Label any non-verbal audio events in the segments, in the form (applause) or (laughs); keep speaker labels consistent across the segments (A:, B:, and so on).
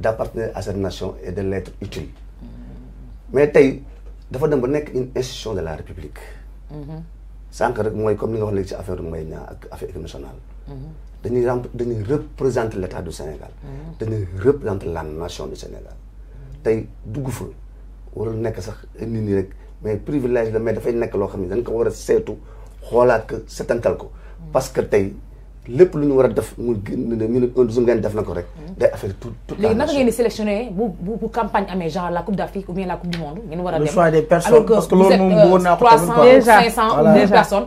A: d'appartenir à cette nation et de l'être utile mais tay, dafa dem ba une institution de la république mhm. Sans rek mooy comme nous nga wax léegi ci affaire mooy ak affaire nationale mhm. représenter l'état du Sénégal Nous mhm. représenter la nation du Sénégal Tay, dugg fa On ne sax nit ni rek mais privilège mais dafay nekk loo xam ne dañ ko war a seetu que ko ko parce que tay, les lu ñu def mu ñu def
B: ko campagne la coupe d'Afrique ou bien la coupe du monde. ngeen war des personnes parce que loolu moom 300 500 ou 1000 personnes.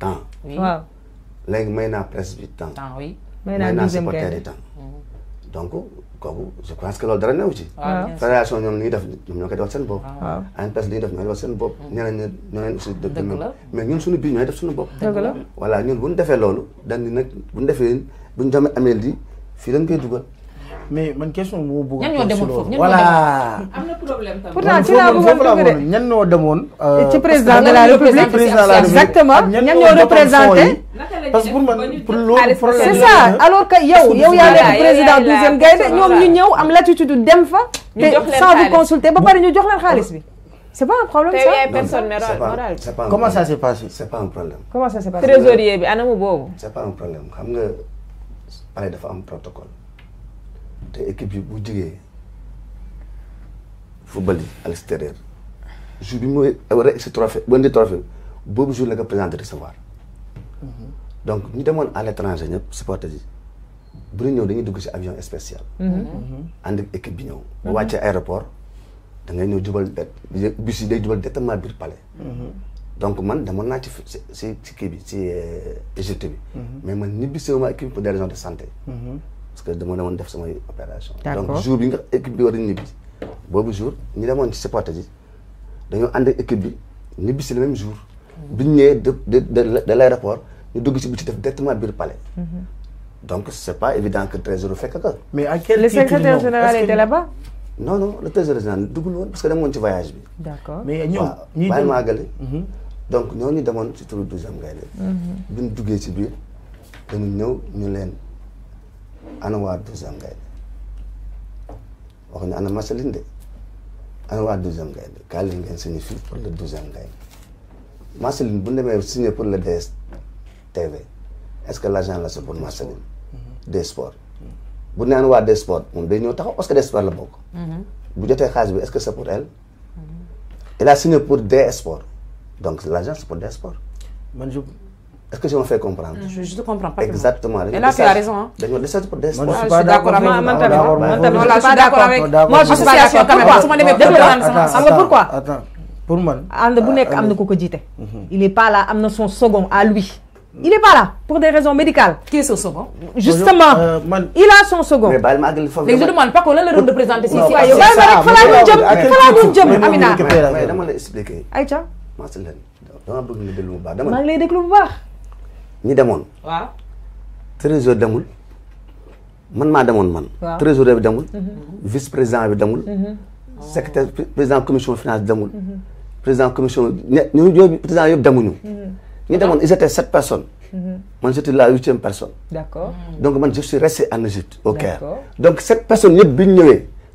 B: temps. waaw
A: léegi may naa presse bi temps. temps oui may naa supporter yi temps. Mm-hmm. donc kooku je pense que loolu dara newu ci. fédération ñoom li ñuy def ñoom ñoo koy defal seen bopp. Ah, waaw ah, ANPEJ li ñuy def ñoo defal seen bopp. Mm-hmm. ñeneen ñi ñoo leen aussi def. bu ñu loolu dañ ni nag bu ñu bu ñu amee lii fii dañ koy dugal.
C: mais man question boo bëgg ñan ñoo demoon foofu voilà am
A: na
B: problème tamit pourtant ci laa bëggoon dugg
C: ñan ñoo demoon euh, ci président de la république exactement ñan ñoo représenté parce que pour man pour loolu problème c'est ça alors que yow yow y'a le président douzième gaynde ñoom ñu
B: ñëw am latitude dem fa te sans vous consulter ba pare ñu jox leen xaalis bi C'est pas un problème ça personne morale. C'est Comment
C: ça s'est passé
A: C'est pas un problème. Comment ça s'est passé Trésorier bi anamu boobu. C'est pas un problème xam nga pare dafa am protocole l'équipe équipe football à l'extérieur Je suis venu à jour recevoir mhm. donc nous à l'étranger supporter nous avons un avion spécial mhm. Mhm. équipe nous palais donc man je euh, suis mais pour des raisons de santé parce que dama demoon def samay opération. donc jour bi équipe bi war a ñibbi. jour ni demoon ci supporter ji dañoo ànd ak équipe bi ñibbi si le même jour. bi ñu de de de l' aéroport ñu dugg si bi ci def directement biir palais. Mhm. donc c'est pas évident que trésorier fekk ka.
C: mais à quel titre le secrétaire général était là-bas.
A: non non le trésorier général duggul parce que demoon ci voyage bi. d' mais ñoom ñi bàyyi ma àggale. Mhm. donc ñooñu demoon ci turu douzième gaynde mhm. bi ñu duggee ci biir dañu ñëw ñu leen. ana waa douzième gaynde wax ne ana masaline de ana waa douzième gaynde kaa leen ngeen signé fii pour le douzième gaynde masaline bu ñu demee signé pour le DSTV est-ce que la c'est la masaline mm-hmm. des sports bu ne ana waa des sports moom day ñëw taxaw parce que des la
D: mm-hmm.
A: bu jotee xaalis bi est que c'est pour elle il mm-hmm. a pour des sports donc l'agent c'est pour des sports Est-ce que je me fais comprendre Je ne comprends pas. Exactement. Et là, tu as raison. Hein. Moi, je suis pas d'accord avec moi. Je suis pas d'accord
B: avec moi. Je suis pas d'accord avec moi. Pourquoi
C: Pour moi. Ah, ah, mhm. Il
B: n'est pas là. Il son second à lui. Il n'est pas là pour des raisons médicales. Qui est son second Justement,
C: euh,
A: il a son second. Mais je ne demande
B: pas qu'on ait le rôle de présenter ici. Il
A: faut Amina. Je vais expliquer. Aïcha. Je vais vous déglu. Je vais vous déglu ni demoon. waaw trésor demul man ma demone man. waaw trésorier demul. vice président bi demul. Mhm. Mhm. Oh. secrétaire président commission finance demul. Mhm. président commission ni ñooñu président yëpp demuñu. ni demone ils étaient sept personnes. man j'étais la huitième personne. d'accord donc man je suis resté en Égypte au Caire. donc cette personne yëpp bi ñu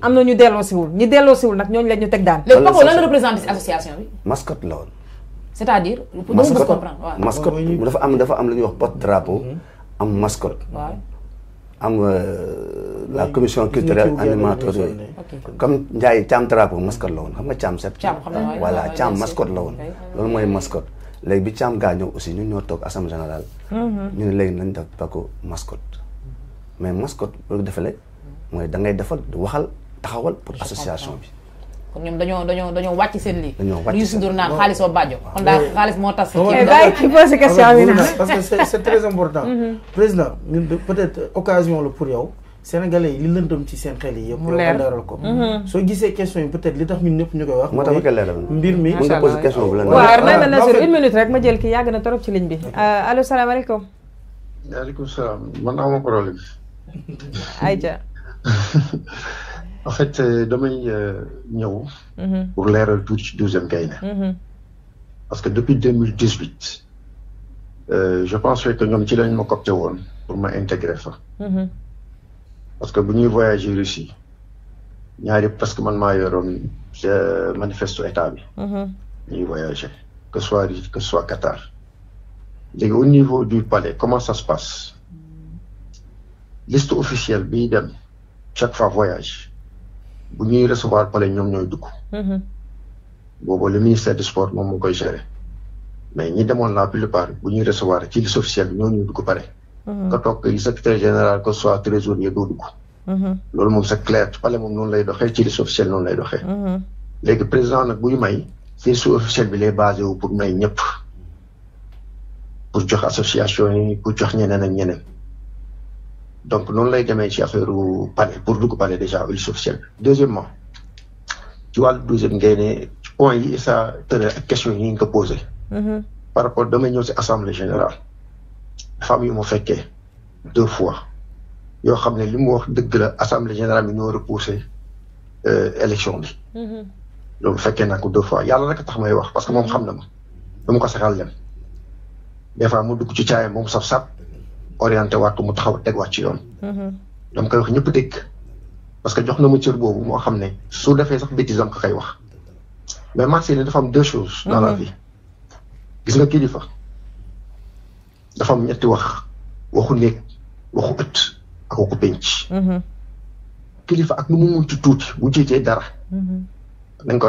B: am na ñu delloosiwul ñu delloosiwul nag ñooñu la ñu teg daan. léegi la représenté si association bi. mascotte la woon. c'est-à-dire pour ñu bëgg comprendre waaw.
A: mascotte dafa am lu ñuy wax porte drapeau. Mhm. am mascotte. waaw am euh, la commission culturelle animateur yooyu. comme Ndiaye Thiam drapeau mascotte la woon xam nga Thiam set. Thiam la woon. loolu mooy maskot léegi bi Thiam gaa ñëw aussi ñu ñoo toog assemblée générale. Mhm. ñu ne léegi nañ def Paco mhm. mais maskot loolu defalee mooy da defal du waxal. taxawal pour association bi.
B: kon ñoom dañoo dañoo dañoo wàcc seen lii. dañoo wàcc seen lii naan xaalis ba bàjjo. kon daal xaalis moo tas. bàyyi ci posé
C: question bi nag parce que c'est c'est très important. (laughs) Mm-hmm. président ñun peut-être occasion la pour yow. Sénégalais yi li lëndëm ci seen xel yi yëpp. mu leeral ko mm-hmm. soo gisee question yi peut-être li tax ñun ñëpp ñu koy wax. moo tax ma koy leeral mbir mi. macha allah posé question bu la waaw na na sur une
B: minute rek ma jël ki yàgg na trop ci ligne bi. Euh, allo salaamaaleykum.
C: waaleykum salaam man amoo problème. Aïcha. (laughs) en fait euh, damay euh, mhm. pour l'ère du 12e parce que depuis 2018, euh, je pense que nous avons mon ma pour m'intégrer intégrer mhm. parce que bu voyager voyager Russie ñaari parce que mon maa un manifeste établi bi. Mhm. voyager que soit que soit Qatar. au niveau du palais comment ça se passe. liste officielle chaque fois voyage. bu ñuy recevoir palais ñoom ñooy dugg. Mm-hmm. boobu le ministère du sport moom moo koy gérer mais ñi demoon la plupart bu ñuy recevoir ci liste officielle bi ñoo ñuy dugg palais. nga mm-hmm. toog kay secrétaire général que soit trésorier doo dugg. Mm-hmm. loolu moom c'est clair palais moom noonu lay doxee ci liste officielle noonu lay doxee. léegi président nag buy may ci su officielle bi lay basé wu pour may ñëpp pour jox association yi pour jox ñeneen ak ñeneen. donc non lay démé ci pour nous parler déjà officiel. deuxièmement ci le deuxième as question yi nga mm-hmm. par rapport à ñëw assemblée générale femme yu ma deux fois yo y a wax assemblée générale repoussé euh, élection mm-hmm. deux fois tax may wax parce que mm-hmm. ko saxal des fois ci orienté waat ko mu taxaw teg waat ci yoon. Mm-hmm. dama koy wax ñëpp dégg parce que jox na ma cër boobu moo xam ne su defee sax bêtise dama ko koy wax mais marché yi dafa am deux choses. dans la mm-hmm. vie gis nga kilifa dafa ñetti wax waxu néeg waxu ëtt ak waxu penc. Mm-hmm. kilifa ak nu mu munti tuuti bu jiitee dara. nañ ko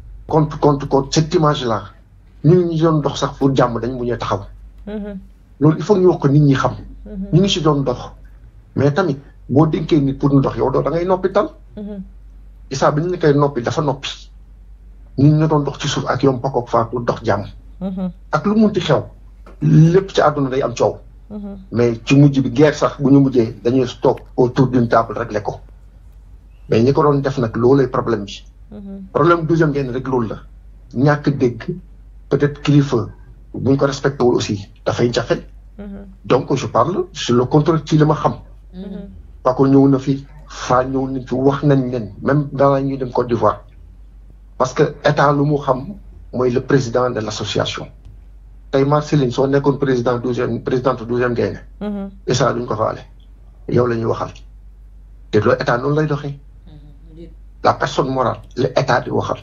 C: contre contre contre cette image là ñun ñu doon dox sax pour jàmm dañ mujjee taxaw. Mhm. loolu il faut ñu wax ko nit ñi xam. Mhm. ñu ngi si doon dox. mais tamit boo dénkee nit pour ñu dox yow doo da ngay noppi tal. isaa mhm. bi ñu koy noppi dafa noppi. ñu ñu doon dox ci suuf ak yom pakook faa pour dox jàmm. ak lu munti xew. lépp ci àdduna day am coow. mais ci mujj bi guerre sax bu ñu mujjee dañuy toog autour d'une table réglé ko. mais ñi ko doon def nag loolay problème bi. problème deuxième ngeen rek loolu la ñàkk dégg peut-être kilifa buñ ko respecté wul aussi fay jafe. donc je parle sur le contrôle ci li ma xam. parce que ñëw na fi fa ñëw nañ fi wax nañ len même dans la ñu dem Côte d'Ivoire parce que état lu mu xam moy le président de l'association. tey Marceline soo comme président deuxième présidente douzième mhm. et ça duñ ko faale yow la waxal et loolu état noonu lay doxé la personne morale la état di waxal.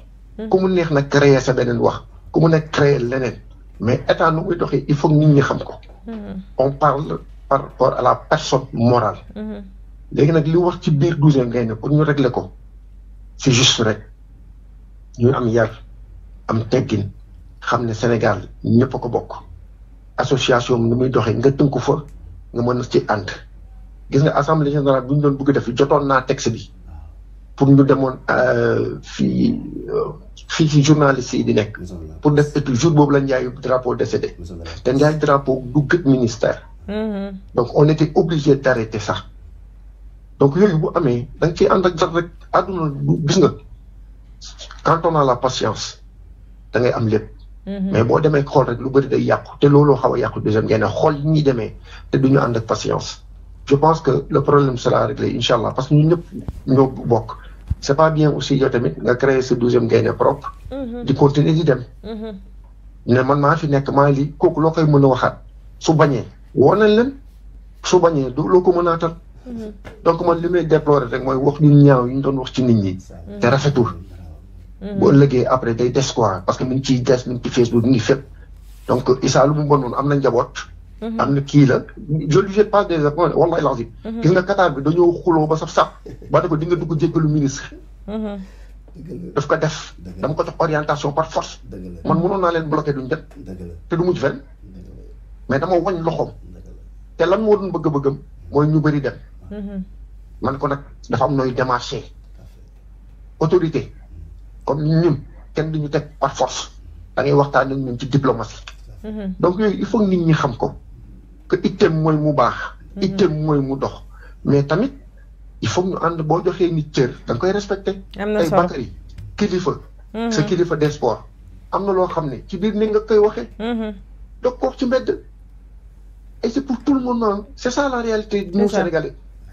C: ku mu neex nag créer sa beneen wax ku mu nekk créer leneen mais état il faut nit ñi xam ko. on parle par rapport à la personne morale. léegi nag li wax ci biir douzième ngay ne pour ñu régler ko c'est juste rek ñu am yar am teggin xam ne Sénégal ñëpp a ko bokk association bi nu muy doxee nga tënku fa nga mën ci ànd gis nga assemblée générale bu ñu doon bëgg def jotoon naa texte bi. pour nous demoon euh, fi, euh, fi, journaliste yi di nekk. pour def étude jour bobu la Ndiaye drapeau décédé. té Ndiaye drapeau du ministère. Mm-hmm. donc on était obligé d'arrêter ça. donc yooyu bu amee da ci ciy ak rek aduna gis nga quand on a la patience da ngay am lépp. Mm-hmm. mais bo démé xool rek lu bëri day yàqu té looloo xawa a deuxième yenn xool yi ñuy demee te du ñu ak patience. je pense que le problème sera réglé inshallah, parce que ñun ñep ñoo bokk. c'est pas bien aussi yow tamit nga créer sa douzième gaynde propre. Mhm. di continuer di dem. Mhm. ne man maa fi nekk maa lii kooku loo koy mën a waxaat su bañee woo nañ leen su bañee du loo ko mën a tal mhm. donc man li may déplorer rek mooy wax ñu ñaaw yi ñu doon wax ci nit ñi. te rafetu boo ëllëgee après day des quoi parce que mi ngi ciy des mu ngi ci Facebook mu ngi fépp. donc Issa lu noonu am na njaboot. Mm-hmm. am na kii la je lui ai pas des wallahi lazim mm-hmm. gis nga Qatar bi dañoo xuloo ba saf saf ba ne ko di nga dugg jéggalu ministre
D: mm-hmm.
C: daf ko def dama ko jox orientation par force man mënoon naa leen bloqué duñ dem te du mujj fenn mais dama wañ loxoom te lan moo doon bëgg-bëggam mooy ñu bëri dem man ko nag dafa am nooy démarché autorité comme ñun kenn duñu teg par force da ngay waxtaan ak ñun ci diplomatie donc yooyu il faut nit ñi xam ko que itteem mooy mu baax. Mhm. itteem mooy mu dox mais tamit il foog ñu ànd boo joxee nit cër da nga koy respecté. am na solo kilifa. Mhm. sa kilifa des sports am na loo xam ne ci biir ni nga koy waxee. Mhm. dog ko ci mbedd. et c'est pour tout le monde noonu c'est ça la réalité. du Sénégalais.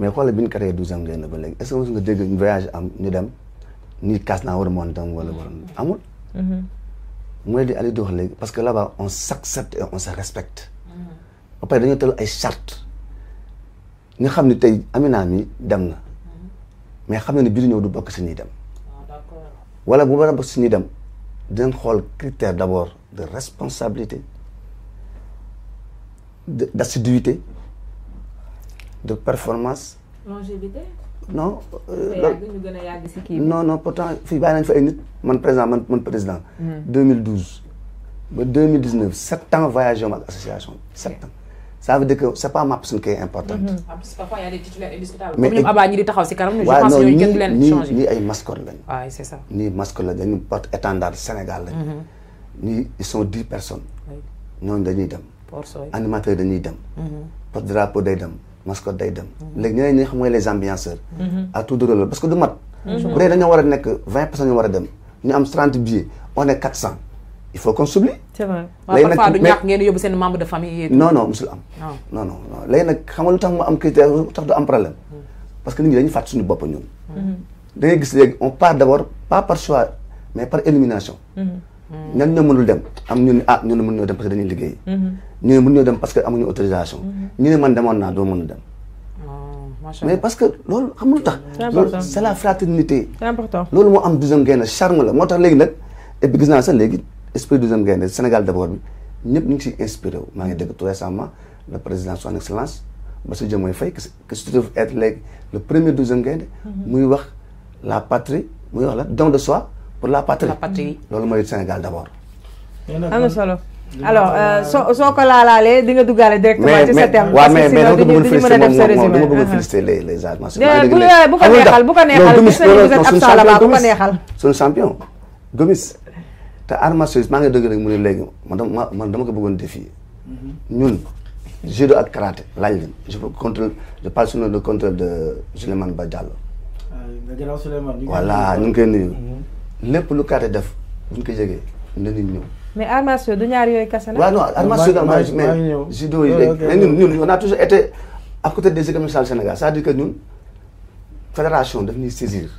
A: mais xoolal bi ñu 12 douzième Gaïndé ba léegi est ce que mos nga dégg voyage am ñu dem ni kaas naa war a montam wala war amul. mooy mhm. di Aliou di wax léegi parce que là-bas on s'accepte et on se respecte. Mhm. ba pare dañoo tëral ay charte ñu xam ne tey Amina mi dem na. Mhm. mais xam na ne bii di ñëw du bokk si ñuy dem. Ah, wala bu war a bokk si ñuy dem dinañ xool critère d' abord de responsabilité de d' assiduité de performance. longévité. non. Euh, non non pourtant je suis nañ fa ay nit man président man 2012 2019 7 ans voyagé dans association sept ans. ça veut dire que c'est pas ma personne qui est importante. Hmm.
B: parfois il y a des titulaires indiscutables. mais comme ñoom ñi di taxaw si kanam. je pense ñooñu kenn du
A: leen changé ñii ay mascotte lañu. Ils c'est ça. ñii mascotte lañu dañu porte hmm. ils sont 10 personnes. Ils dañuy dem. animateurs dañuy dem. des hmm. drapeaux mascotte day dem. les ambianceurs. Mhm. à tout de parce que du mat. Mhm. personnes ñu billets on est quatre il faut qu'on s'oublie.
B: c'est vrai parfois du ñàkk ngeen de famille. non non monsieur.
A: am. Ah. non non non léegi nag xam nga lu tax mhm. parce que nit ñi dañuy on part d'abord pas par choix mais par élimination. ñan ñoo mënul dem am ñu ne ah ñu ne mën ñoo dem parce que dañuy liggéey. Mm-hmm. ñu ne mën dem parce que amuñu autorisation. Mm-hmm. ñu ne man demoon a dem. Oh, loolu lu tax. loolu c'est la fraternité. c'est important loolu moo am douzième gaynde charme la moo tax léegi nag et puis gis naa sax léegi esprit douzième gaynde Sénégal d'abord bi ñëpp ñu ngi siy inspiré wu maa ngi dégg tout récemment le président son excellence Bassirou Diomaye Faye qui se trouve être léegi le premier douzième gaynde mm-hmm. muy wax la patrie muy wax la don de soi. pour la patrie la loolu mooy Sénégal d' abord.
B: solo. alors euh, soo soo ko laalaalee di nga duggaale directement ci sa thème. parce que sinon du
A: ñu du ñu mën a def sa résumé mais mais dama ko bëgg a féliciter les les agents. te armature maa ngi dëgg rek mu ne léegi man dama man dama ko bëggoon défier. Mhm. ñun judo ak karaté laaj leen je contrôle je parle sous le contrôle de Souleymane Ba Diallo.
C: Ah, voilà ñu ngi koy nuyu. Mhm.
A: lépp lu kaate def buñ ko jegee na nit ñëw.
C: mais
B: arts du ñaar yooyu kese na. waaw non arts martiaux
A: mais judo yi mais ñun ñun on a toujours été à côté des économies sociales Sénégal c'est-à-dire ñun fédération daf ñuy saisir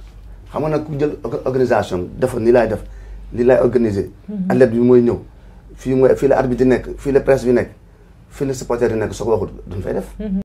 A: xam nga ku jël organisation dafa nii laay def lii laay organiser. Mhm. athlète bi mooy ñëw fii mooy fii la arbitre bi nekk fii la presse bi nekk fii la supporter bi nekk soo ko waxul duñ def.
D: Mhm.